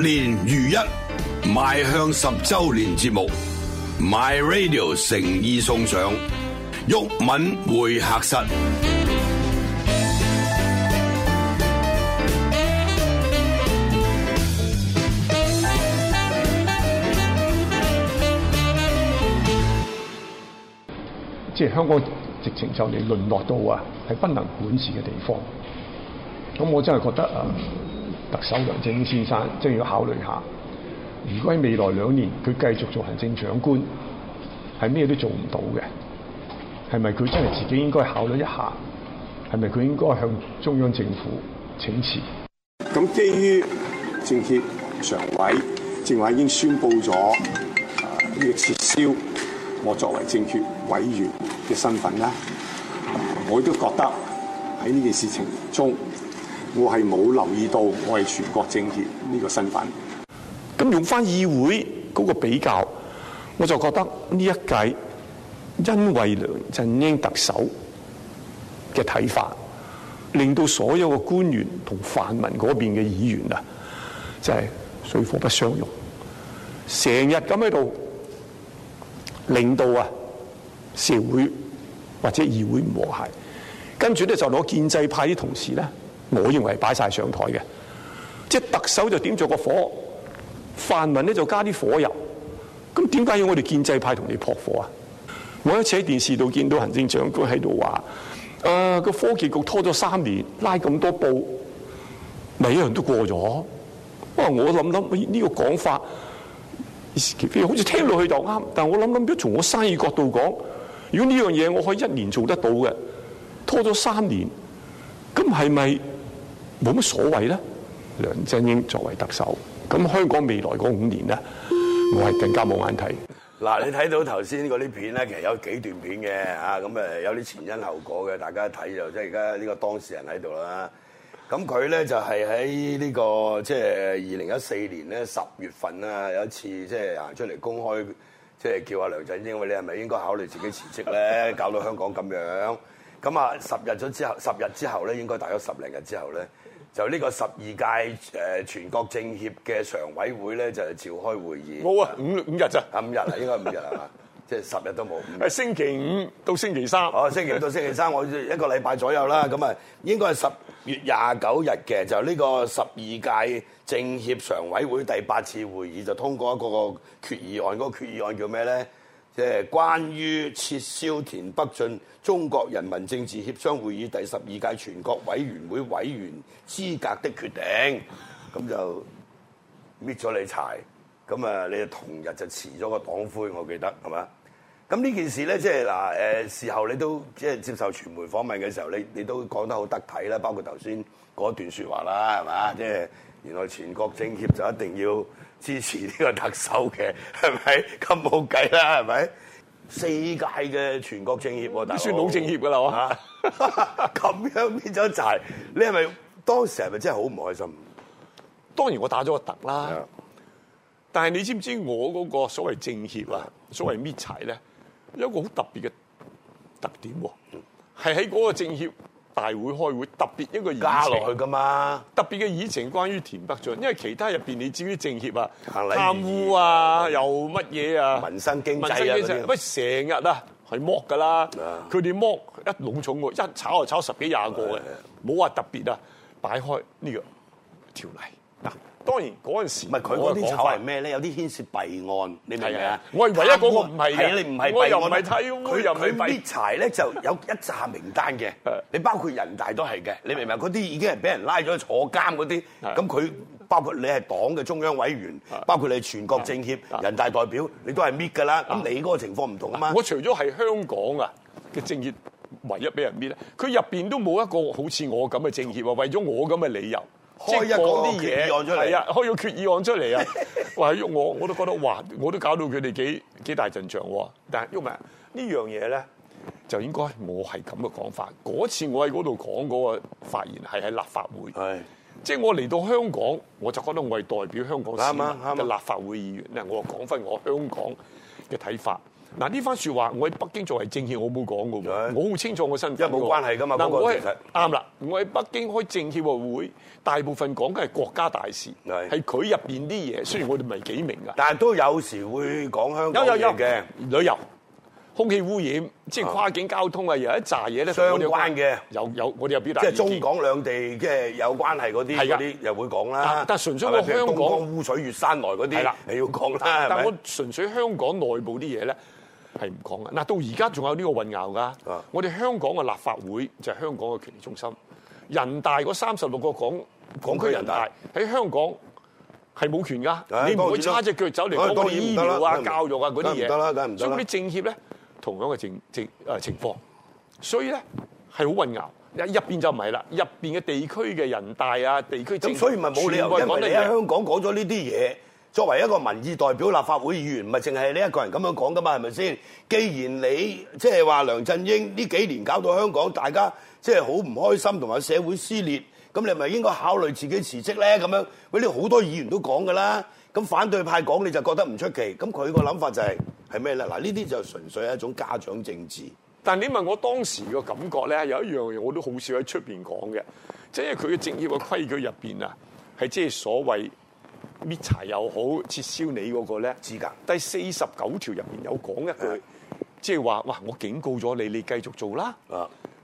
年如一，邁向十周年節目，My Radio 誠意送上毓民會客室。即係香港直情就嚟淪落到啊，係不能管事嘅地方。咁我真係覺得啊。嗯特首梁振英先生，真係要考慮下，如果喺未來兩年佢繼續做行政長官，係咩都做唔到嘅，係咪佢真係自己應該考慮一下？係咪佢應該向中央政府請辭？咁基於政協常委政委已經宣布咗要撤銷我作為政協委員嘅身份啦，我都覺得喺呢件事情中。我係冇留意到，我係全國政協呢個身份。咁用返議會嗰個比較，我就覺得呢一屆因為梁振英特首嘅睇法，令到所有嘅官員同泛民嗰邊嘅議員啊，就係水火不相容，成日咁喺度令到啊社會或者議會唔和諧。跟住咧就攞建制派啲同事咧。我認為擺晒上台嘅，即係特首就點着個火，泛民咧就加啲火油。咁點解要我哋建制派同你撲火啊？我有一次喺電視度見到行政長官喺度話，誒、啊，個科技局拖咗三年，拉咁多布，咪一樣都過咗。不過，我諗諗呢個講法，好似聽落去就啱。但係我諗諗，如果從我生意角度講，如果呢樣嘢我可以一年做得到嘅，拖咗三年，咁係咪？冇乜所謂咧，梁振英作為特首，咁香港未來嗰五年咧，我係更加冇眼睇。嗱，你睇到頭先嗰啲片咧，其實有幾段片嘅啊，咁誒有啲前因後果嘅，大家睇就即係而家呢個當事人喺度啦。咁佢咧就係喺呢個即係二零一四年咧十月份啊，有一次即係出嚟公開，即係叫阿梁振英因為你係咪應該考慮自己辭職咧？ 搞到香港咁樣。咁啊十日咗之後，十日之後咧，應該大約十零日之後咧。就呢個十二屆誒全國政協嘅常委會咧，就係召開會議。冇啊，五五日咋？五日啦，應該五日啦 即係十日都冇。誒，星期五到星期三。哦，星期五到星期三，我一個禮拜左右啦。咁啊，應該係十月廿九日嘅，就呢個十二屆政協常委會第八次會議就通過一個個決議案。嗰、那個決議案叫咩咧？即係關於撤銷田北俊中國人民政治協商會議第十二屆全國委員會委員資格的決定，咁就搣咗你柴，咁啊你同日就辭咗個黨魁，我記得係嘛？咁呢件事呢，即係嗱誒，事後你都即係接受傳媒訪問嘅時候，你你都講得好得體啦，包括頭先嗰段説話啦，係嘛？即係。原來全國政協就一定要支持呢個特首嘅，係咪？咁冇計啦，係咪？四屆嘅全國政協，算老政協㗎啦喎。咁 樣搣咗柴，你係咪當時係咪真係好唔開心？當然我打咗個特啦，但係你知唔知道我嗰個所謂政協啊，所謂搣柴咧，有一個好特別嘅特點喎，係喺嗰個政協。大會開會特別一個議程加落去噶嘛，特別嘅議程關於田北俊，因為其他入邊你知啲政協啊，貪污啊是是又乜嘢啊，民生經濟啊，成日啦，係剝噶啦，佢哋剝一籠重嘅，一炒就炒十幾廿個嘅，冇話特別啊，擺開呢個條例嗱。當然嗰陣時不，唔係佢嗰啲炒係咩咧？有啲牽涉弊案，你明唔明啊？我係唯一嗰個唔係嘅，我又唔係睇。佢又佢搣柴咧， 就有一紮名單嘅。 你包括人大都係嘅，你明唔明？嗰啲已經係俾人拉咗去坐監嗰啲，咁佢包括你係黨嘅中央委員，包括你係全國政協人大代表，你都係搣噶啦。咁你嗰個情況唔同啊嘛。我除咗係香港啊嘅政協唯一俾人搣咧，佢入邊都冇一個好似我咁嘅政協啊，為咗我咁嘅理由。即係講啲嘢係啊，開咗決議案出嚟啊！喂，喐 我，我都覺得哇，我都搞到佢哋幾幾大陣仗喎。但喐唔係呢樣嘢咧，就應該我係咁嘅講法。嗰次我喺嗰度講嗰個發言係喺立法會，即係、就是、我嚟到香港，我就覺得我係代表香港市民嘅立法會議員咧，我講翻我香港嘅睇法。嗱，呢番説話，我喺北京作為政協，我冇講過，我好清楚我身份。因為冇關係㗎嘛。嗱，我係啱啦。我喺北京開政協會，大部分講嘅係國家大事，係佢入邊啲嘢。雖然我哋唔係幾明㗎，但係都有時會講香港嘅嘢嘅，旅遊、空氣污染、即係跨境交通啊、嗯，有一紮嘢咧相關嘅。有有我哋有表達。即係中港兩地即嘅有關係嗰啲，嗰啲又會講啦。但係純粹我香港污水越山來嗰啲，係啦，你要講啦。但係我純粹香港內部啲嘢咧。係唔講噶？嗱，到而家仲有呢個混淆噶。我哋香港嘅立法會就係香港嘅權力中心。人大嗰三十六個港港區人大喺香港係冇權噶、哎。你唔會叉隻腳走嚟講啲醫療啊、教育啊嗰啲嘢。唔得啦，梗係唔得啦。所以啲政協咧，同樣嘅政政誒情況，所以咧係好混淆。入入邊就唔係啦，入邊嘅地區嘅人大啊，地區怎樣？所以唔係冇理由講你喺香港講咗呢啲嘢。作為一個民意代表、立法會議員，唔係淨係你一個人咁樣講噶嘛，係咪先？既然你即係話梁振英呢幾年搞到香港，大家即係好唔開心，同埋社會撕裂，咁你咪應該考慮自己辭職咧？咁樣，喂，你好多議員都講噶啦。咁反對派講你就覺得唔出奇，咁佢個諗法就係係咩咧？嗱，呢啲就純粹係一種家長政治。但你問我當時嘅感覺咧，有一樣嘢我都好少喺出邊講嘅，即係佢嘅職業嘅規矩入邊啊，係即係所謂。搣柴又好，撤銷你嗰個咧，資格。第四十九條入面有講一句，即係話哇，我警告咗你，你繼續做啦。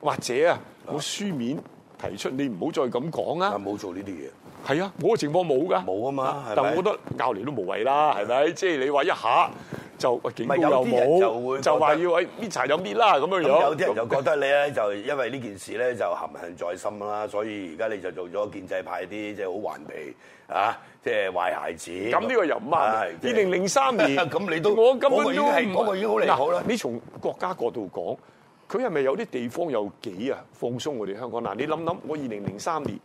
或者啊，我書面提出你唔好再咁講啊。冇做呢啲嘢，係啊，我嘅情況冇㗎。冇啊嘛，但我覺得拗嚟都無謂啦，係咪？即係你話一下。就唔係有啲人就會就話要搵搣柴就搣啦咁樣樣。有啲人就覺得你咧就因為呢件事咧就含恨在心啦，所以而家你就做咗建制派啲即係好頑皮啊，即係壞孩子。咁呢個又唔啱。二零零三年，咁 你都我根本都我個已經係講，我個已經好離譜啦。好啦，你從國家角度講，佢係咪有啲地方有幾啊放鬆我哋香港嗱？你諗諗，我二零零三年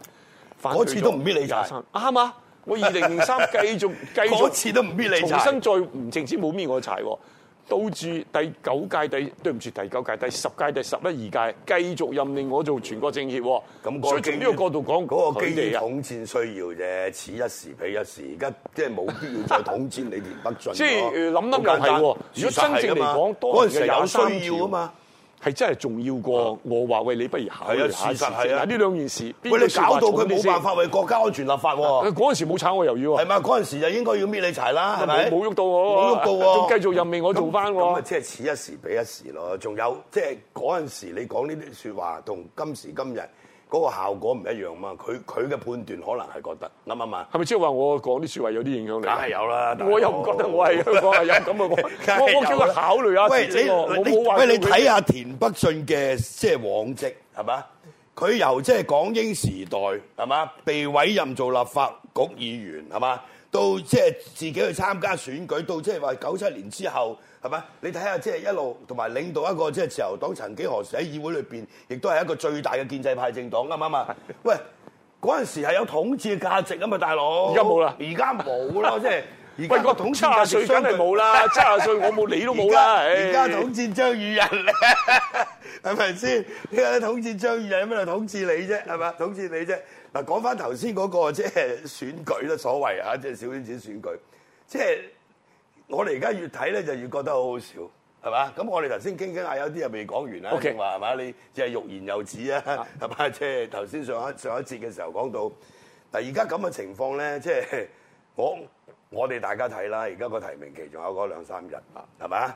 嗰次都唔搣你㗎，啱嘛？我二零零三繼續繼續賠都唔搣你，重新再唔淨止冇搣我柴，導致第九屆第對唔住第九屆第十屆第十一二屆繼續任命我做全國政協，所以從呢個角度講，嗰、嗰個基地啊統戰需要啫，此一時彼一時，而家即係冇必要再統戰你連不盡。即係諗諗又係，如果真正嚟講，嗰陣時有需要啊嘛。係真係重要過，我話喂，你不如考慮。事實係啊，呢兩件事，喂，你搞到佢冇辦法為國家安全立法。嗰陣時冇炒我魷魚啊，係嘛？嗰陣時就應該要搣你柴啦，係咪？冇喐到我，冇喐到，仲繼續任命我做翻。咁啊，即係此一時彼一時咯。仲有即係嗰陣時你講呢啲說話，同今時今日。嗰個效果唔一樣嘛，佢佢嘅判斷可能係覺得，啱唔啱嘛？係咪？即係話我講啲説話有啲影響力？梗係有啦，我又唔覺得我係香港人有咁嘅， 我我叫佢考慮下喂，喂，你睇下田北俊嘅即係往績係嘛？佢由即係港英時代係嘛， 被委任做立法局議員係嘛？到即係自己去參加選舉，到即係話九七年之後，係咪？你睇下即係一路同埋領導一個即係自由黨，曾幾何時喺議會裏邊，亦都係一個最大嘅建制派政黨，啱唔啱啊？ 喂，嗰陣時係有統治嘅價值啊嘛，大佬。而家冇啦，而家冇啦，即係。喂， 個 統治價值真係冇啦，七十、那個、歲， 歲我冇，你都冇啦。而家 統戰張宇人咧，係咪先？點解統戰張宇人有乜嚟統治你啫？係咪？統治你啫？嗱、那個，講翻頭先嗰個即係選舉啦，所謂啊，即係小圈子選舉，即係我哋而家越睇咧，就越覺得好好笑，係嘛？咁我哋頭先傾傾下，有啲又未講完啦 ok 話係嘛？你即係欲言又止啊，係嘛？即係頭先上一上一節嘅時候講到，嗱，而家咁嘅情況咧，即係我我哋大家睇啦，而家個提名期仲有嗰兩三日，係嘛？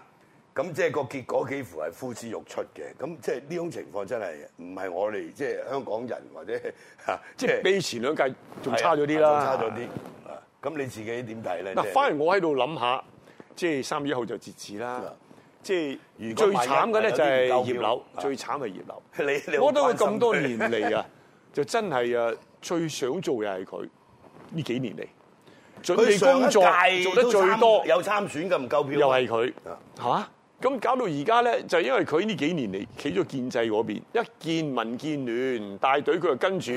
咁即係個結果幾乎係呼之欲出嘅，咁即係呢種情況真係唔係我哋即係香港人或者即係比前兩屆仲差咗啲啦，差咗啲。咁你自己點睇咧？嗱，反而我喺度諗下，即係三月一號就截止啦。即係如果最慘嘅咧就係葉劉，最慘係葉劉。你我覺得佢咁多年嚟啊， 就真係啊，最想做嘅係佢呢幾年嚟準備工作做得最多，有參選嘅唔夠票，又係佢。咁搞到而家咧，就是、因為佢呢幾年嚟企咗建制嗰邊，一見民建聯，帶隊，佢就跟住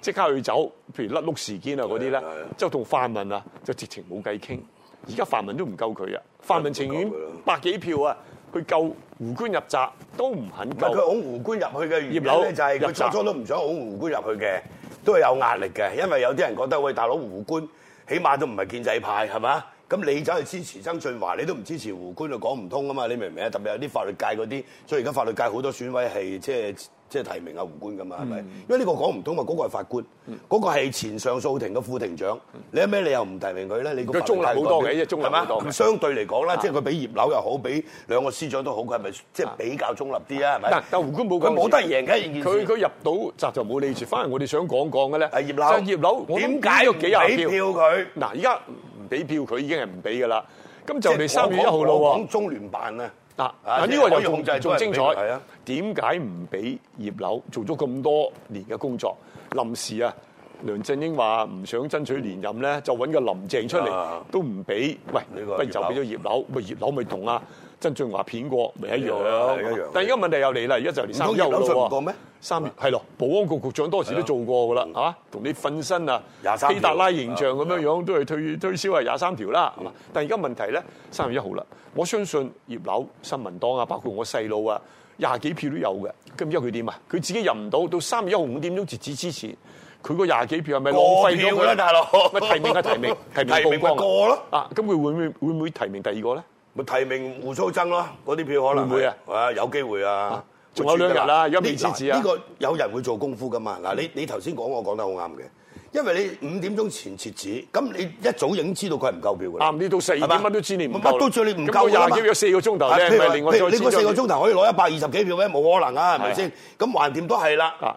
即刻去走，譬如甩碌事件啊嗰啲咧，就同泛民啊，就直情冇計傾。而家泛民都唔夠佢啊，泛民情願百幾票啊，佢救胡官入閘都唔肯救。但佢拱胡官入去嘅原因咧，就係佢初初都唔想拱胡官入去嘅，都係有壓力嘅，因為有啲人覺得喂，大佬胡官，起碼都唔係建制派，係嘛？咁你走去支持曾俊華，你都唔支持胡官就講唔通啊嘛？你明唔明啊？特別有啲法律界嗰啲，所以而家法律界好多選委係即係即係提名阿胡官噶嘛？係、嗯、咪？因為呢個講唔通啊，嗰、嗰個係法官，嗰、嗯、個係前上訴庭嘅副庭長。你有咩理由唔提名佢咧？你佢中立好多嘅，即中立咁相對嚟講啦，即係佢比葉劉又好，比兩個司長都好，佢係咪即係比較中立啲啊？係咪？但胡官冇佢冇得贏嘅，佢佢入到就就冇理處。反而我哋想講講嘅咧，即、啊、係葉劉點解要幾廿票？佢？嗱，而家俾票佢已經係唔俾噶啦，咁就嚟三月一號咯喎。講、就是、中聯辦呢啊，嗱、這個，嗱呢個有控制係仲精彩。點解唔俾葉劉做咗咁多年嘅工作？臨時啊，梁振英話唔想爭取連任咧，就揾個林鄭出嚟、啊、都唔俾。喂，你說了不如就俾咗葉劉，咪葉劉咪同啊。曾俊華片過，咪一樣。但而家問題又嚟啦，而家就嚟三一號嘞喎。葉劉信唔過咩？三月係咯，保安局局長多時都做過噶啦嚇，同你瞓身啊、希特拉形象咁樣樣，都係推推銷係廿三條啦。係嘛？但而家問題咧，三月一號啦。我相信葉劉新民黨啊，包括我細佬啊，廿幾票都有嘅。咁而家佢點啊？佢自己入唔到，到三月一號五點鐘截止之前，佢個廿幾票係咪浪費咗佢咧？係咪提名啊提名？提名、提名、曝光提名過咯啊？咁佢會唔會會唔會提名第二個咧？提名胡素貞咯，嗰啲票可能唔會、啊、會啊，啊有機會啊，仲有兩日啦，一面截止啊，呢、這個有人會做功夫噶嘛？嗱、嗯，你你頭先講我講得好啱嘅，因為你五點鐘前截止，咁你一早已經知道佢係唔夠票嘅。啱，你到四點乜都知你唔乜都知你唔夠啦。咁廿幾約四個鐘頭你嗰四個鐘頭可以攞一百二十幾票咩？冇可能啊，係咪先？咁橫掂都係啦。啊啊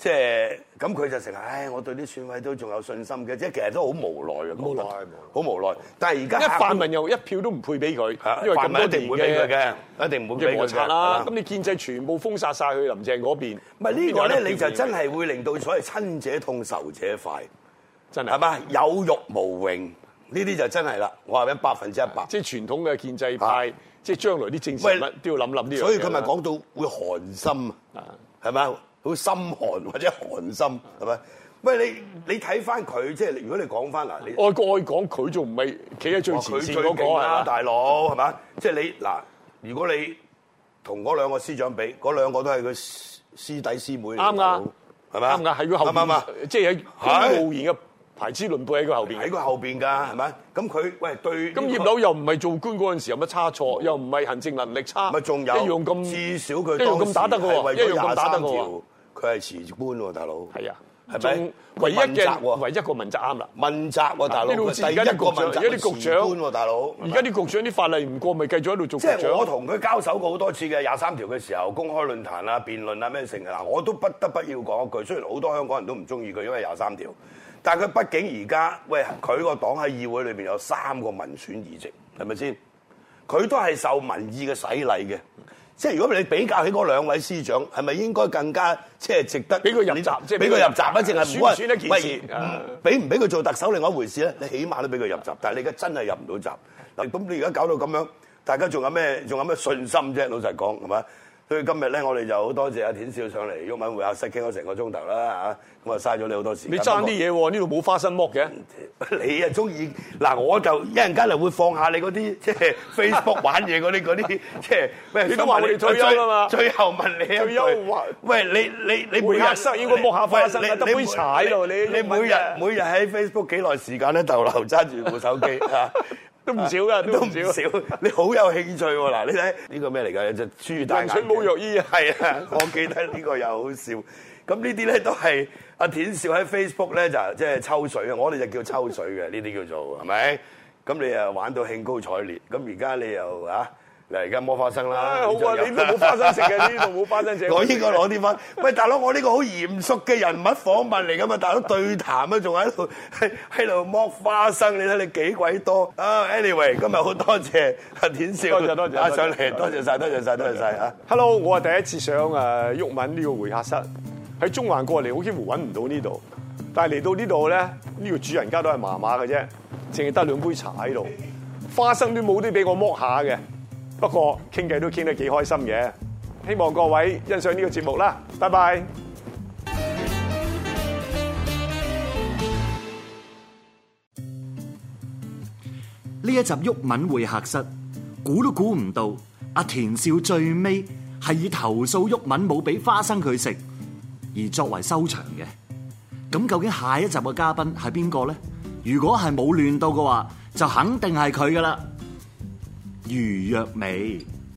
即係咁，佢就成日唉，我對啲選委都仲有信心嘅，即係其實都好無奈嘅，無奈，好無，無奈。但係而家一泛民又一票都唔配俾佢，因為咁多年唔俾佢嘅，一定唔會俾我插啦。咁你建制全部封殺晒去林鄭嗰邊，唔係呢個咧，你就真係會令到所謂親者痛仇者快，真係係嘛？有辱無榮呢啲就真係啦，我話緊百分之一百，即係、就是、傳統嘅建制派，即係將來啲政治都要諗諗啲。所以佢咪講到會寒心係咪？好心寒或者寒心係咪？喂，你你睇翻佢，即係如果你講翻嗱，你外外講佢仲唔係企喺最前線，我佢最勁啦，大佬，係咪？即係你嗱，如果你同嗰、那個、兩個司長比，嗰兩個都係佢師弟師妹，啱啱、啊？係咪？啱噶，喺佢後面，即係無然嘅排資輪背喺佢後邊，喺佢後邊㗎，係咪？咁佢喂對、這個，咁葉劉又唔係做官嗰陣時有乜差錯，又唔係行政能力差，咪、嗯、仲有一樣咁，至少佢都一樣咁打得㗎，一樣咁打得。佢係辭官喎，大佬。係啊，係咪？唯一嘅唯一個問責啱啦。問責喎，大佬。而家一個問責。而家啲局長，啲辭官喎，大佬。而家啲局長啲法例唔過，咪繼續喺度做。即係我同佢交手過好多次嘅廿三條嘅時候，公開論壇啊、辯論啊咩成啊，我都不得不要講一句，雖然好多香港人都唔中意佢，因為廿三條，但係佢畢竟而家喂佢個黨喺議會裏邊有三個民選議席，係咪先？佢都係受民意嘅洗禮嘅。即係如果你比較起嗰兩位司長，係咪應該更加即係、就是、值得俾佢入閘？即係俾佢入閘啦，淨係選選一件事。係，俾唔俾佢做特首另外一回事咧？你起碼都俾佢入閘，但係你而家真係入唔到閘。嗱，咁你而家搞到咁樣，大家仲有咩？仲有咩信心啫？老實講，係咪？所以今日咧，我哋就好多謝阿田少上嚟，毓民會客室傾咗成個鐘頭啦嚇，咁啊嘥咗、啊、你好多時間。你爭啲嘢喎，呢度冇花生剝嘅，你啊中意嗱，我就一陣間就會放下你嗰啲即係 Facebook 玩嘢嗰啲嗰啲即係，你都話我哋退休啊嘛。最後問你一對，喂，你你你會客室應該剝下花生你得杯茶喎，你你，你，你，你每日每日喺 Facebook 幾耐時間咧 逗留，揸住部手機啊？ 都唔少噶、啊，都唔少。 你好有興趣喎，嗱，你睇呢 個咩嚟㗎？即係豬大眼。冇藥醫係啊，我記得呢個又好笑。咁 呢啲咧都係阿田少喺 Facebook 咧就即、係、係抽水啊，我哋就叫抽水嘅，呢 啲叫做係咪？咁你又玩到興高采烈，咁而家你又啊？嗱，而家剝花生啦！好啊，呢度冇花生食嘅，呢度冇花生食。我應該攞啲翻。喂，大佬，我呢個好嚴肅嘅人物訪問嚟㗎嘛？大佬對談啊，仲喺度喺度剝花生。你睇你幾鬼多啊？Anyway，今日好多謝阿田少打上嚟，多謝多謝多謝曬嚇。Thank you, thank you, thank you, Hello，我係第一次上誒毓民呢個會客室，喺中環過嚟，我幾乎揾唔到呢度。但係嚟到呢度咧，呢個主人家都係麻麻嘅啫，淨係得兩杯茶喺度，花生都冇啲俾我剝下嘅。不過傾偈都傾得幾開心嘅，希望各位欣賞呢個節目啦，拜拜。呢一集毓民會客室，估都估唔到，阿田少最尾係以投訴毓民冇俾花生佢食而作為收場嘅。咁究竟下一集嘅嘉賓係邊個咧？如果係冇亂到嘅話，就肯定係佢㗎喇。余若薇。